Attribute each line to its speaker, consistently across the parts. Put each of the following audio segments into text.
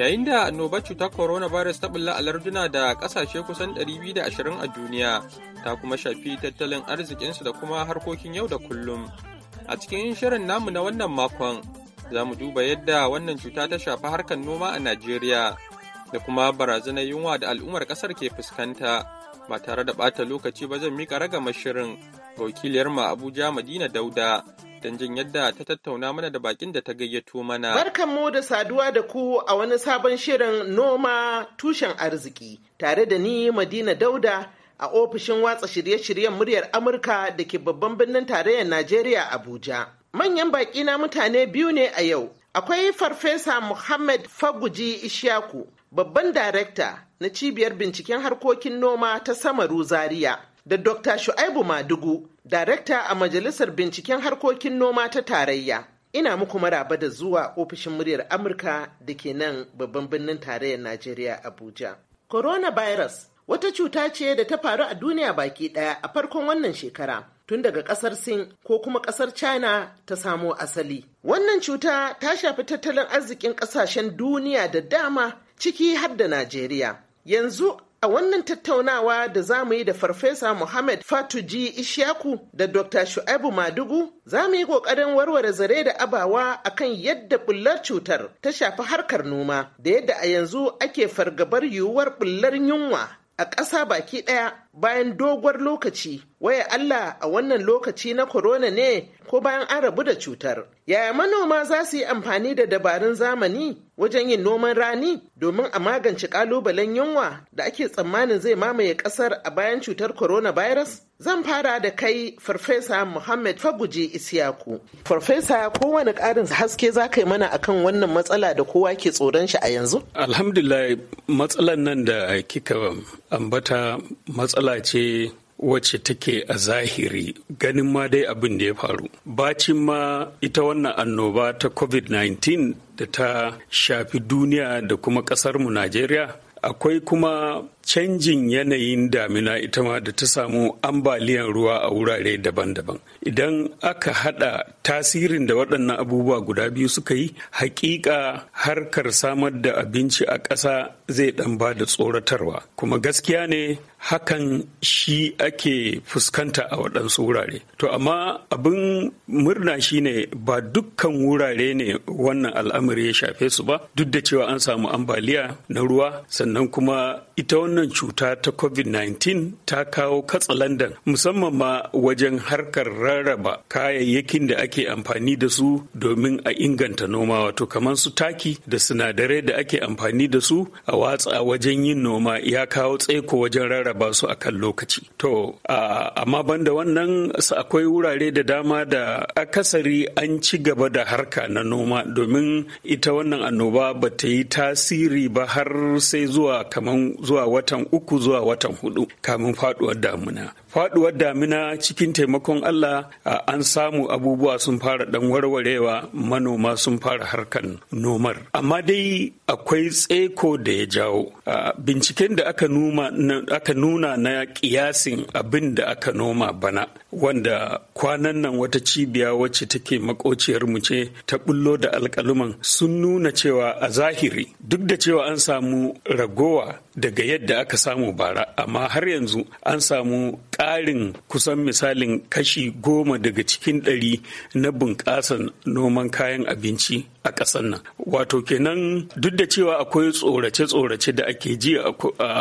Speaker 1: Yayin da annobar cutar coronavirus ta bulla a larduna da kasashe kusan 220 a duniya, ta kuma shafi tattalin arzikinsu da kuma harkokin yau da kullum. A cikin shirin namu na wannan makon, za mu duba yadda wannan cuta ta shafi harkar noma a Najeriya da kuma barazanar yunwa da al'ummar ƙasar ke fuskanta. ba tare da ɓata lokaci ba zan mika ragamar shirin wakiliyar ma Abuja Madina Dauda don jin yadda ta tattauna mana da bakin da ta gayyato mana.
Speaker 2: mu da saduwa da ku a wani sabon shirin noma tushen arziki tare da ni Madina Dauda a ofishin watsa shirye-shiryen muryar Amurka da ke babban birnin tarayyar Najeriya Abuja. Manyan baƙi na mutane biyu ne a yau, Akwai Farfesa Muhammad Faguji Ishaku, babban darekta na cibiyar binciken harkokin noma ta Samaru Zaria, da Dr. Shu'aibu Madugu, darekta a Majalisar Binciken Harkokin Noma ta Tarayya. Ina muku maraba da zuwa ofishin muryar Amurka da ke nan babban birnin tarayyar Najeriya Abuja. Coronavirus Wata cuta ce da ta faru a duniya baki ɗaya a farkon wannan shekara. Tun daga ƙasar Sin ko kuma ƙasar China ta samo asali. Wannan cuta ta shafi tattalin arzikin ƙasashen duniya da dama ciki har da Najeriya. Yanzu A wannan tattaunawa da za mu yi da Farfesa Muhammad Fatuji Ishaku da Dr. Shu'aibu Madugu za mu yi ƙoƙarin warware zare da abawa akan yadda bullar cutar ta shafi harkar noma da yadda a yanzu ake fargabar yiwuwar bullar yunwa a ƙasa baki ɗaya bayan doguwar lokaci waya Allah a wannan lokaci na korona ne ko bayan an rabu da cutar. Yaya manoma za su yi amfani da dabarun zamani wajen yin noman rani domin a magance ƙalubalen yunwa da ake tsammanin zai mamaye ƙasar a bayan cutar corona virus? Zan fara da kai Farfesa Muhammad Faguje Isiyaku. Farfesa kowane ƙarin haske za ka yi mana akan wannan matsala da kowa ke tsoron shi a yanzu?
Speaker 3: Alhamdulillah matsalan nan da kika ambata matsala ce wacce take a zahiri ganin ma dai abin da ya faru. Bacin ma ita wannan annoba ta COVID-19 da ta shafi duniya da kuma ƙasarmu Najeriya. Akwai kuma canjin yanayin damina ita ma da ta samu ambaliyan ruwa a wurare daban-daban idan aka hada tasirin da waɗannan abubuwa guda biyu suka yi hakika harkar samar da abinci a ƙasa zai ɗan ba da tsoratarwa kuma gaskiya ne hakan shi ake fuskanta a waɗansu wurare. To amma abin murna shine ba dukkan wurare ne wannan al'amari ya shafe su ba duk da cewa an samu ambaliya na ruwa sannan kuma ita wannan cuta ta covid-19 ta kawo katsa katsalandan musamman ma wajen harkar rarraba kayayyakin da ake amfani da su domin a inganta noma wato kamar su taki da sinadarai da ake amfani da su a watsa wajen yin noma ya kawo tsaiko wajen rarraba su a kan lokaci to amma banda wannan su akwai wurare da dama da akasari an ci gaba da harka na noma domin ita wannan annoba ba ta yi tasiri ba har sai zuwa kamar zuwa watan uku zuwa watan hudu kamin faduwar damuna faduwar damina cikin taimakon Allah an samu abubuwa sun fara dan warwarewa manoma sun fara harkan nomar amma dai akwai tseko da ya jawo binciken da aka nuna na kiyasin abin da aka noma bana wanda kwanan nan wata cibiya wacce take makociyarmu ce ta bullo da alkaluman sun nuna cewa a zahiri duk da cewa an samu ragowa daga yadda aka samu bara amma har yanzu an samu Karin kusan misalin kashi goma daga cikin ɗari na bunƙasan noman kayan abinci a ƙasar nan wato kenan duk da cewa akwai tsorace-tsorace da ake ji a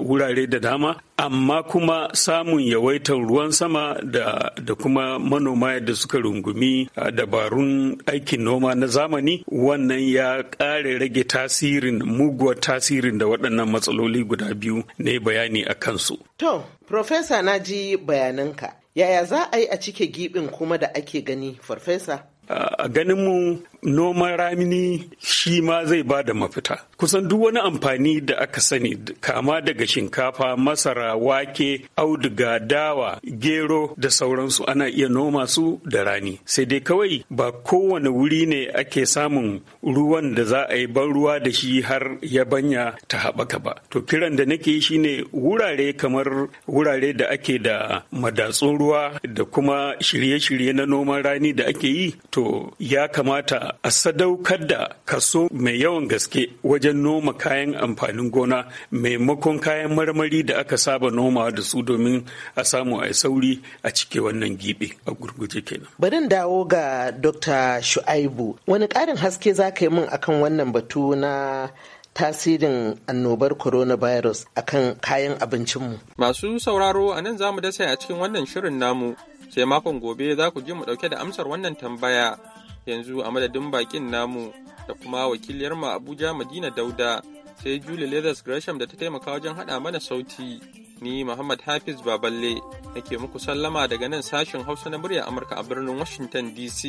Speaker 3: wurare da dama amma kuma samun yawaitar ruwan sama da, kuma manoma yadda suka rungumi dabarun aikin noma na zamani wannan ya ƙare rage tasirin muguwar tasirin da waɗannan matsaloli guda biyu ne bayani a kansu.
Speaker 2: To, Profesa na ji bayananka, yaya za a yi a cike giɓin kuma da ake gani, Farfesa?
Speaker 3: a ganinmu. noman ramini shi ma zai ba da mafita kusan duk wani amfani da aka sani kama daga shinkafa masara wake auduga dawa gero da sauransu ana iya noma su da rani sai dai kawai ba kowane wuri ne ake samun ruwan da za a yi ban ruwa da shi har ya banya ta haɓaka ba to kiran da nake yi shine wurare kamar wurare da ake da madatsun ruwa da kuma shirye-shirye na noman rani da ake yi to ya kamata a sadaukar da kaso mai yawan gaske wajen noma kayan amfanin gona maimakon kayan marmari da aka saba noma da su domin a samu a sauri a cike wannan gibe a gurguje kenan.
Speaker 2: Bari dawo ga Dr. Shu'aibu wani ƙarin haske za ka yi min akan wannan batu na tasirin annobar coronavirus akan kayan abincinmu.
Speaker 1: Masu sauraro a nan za mu dasa a cikin wannan shirin namu sai makon gobe za ku ji mu ɗauke da amsar wannan tambaya yanzu a madadin bakin namu da kuma wakiliyar mu Abuja Madina Dauda sai Julie Leathers Gresham da ta taimaka wajen hada mana sauti ni Muhammad Hafiz Baballe nake muku sallama daga nan sashen Hausa na murya Amurka a birnin Washington DC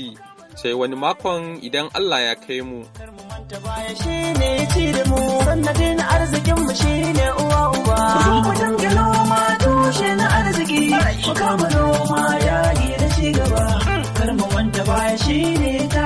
Speaker 1: sai wani makon idan Allah ya kai mu
Speaker 2: uwa uba mu dangalo ma tushe arziki mu ya shi shine ta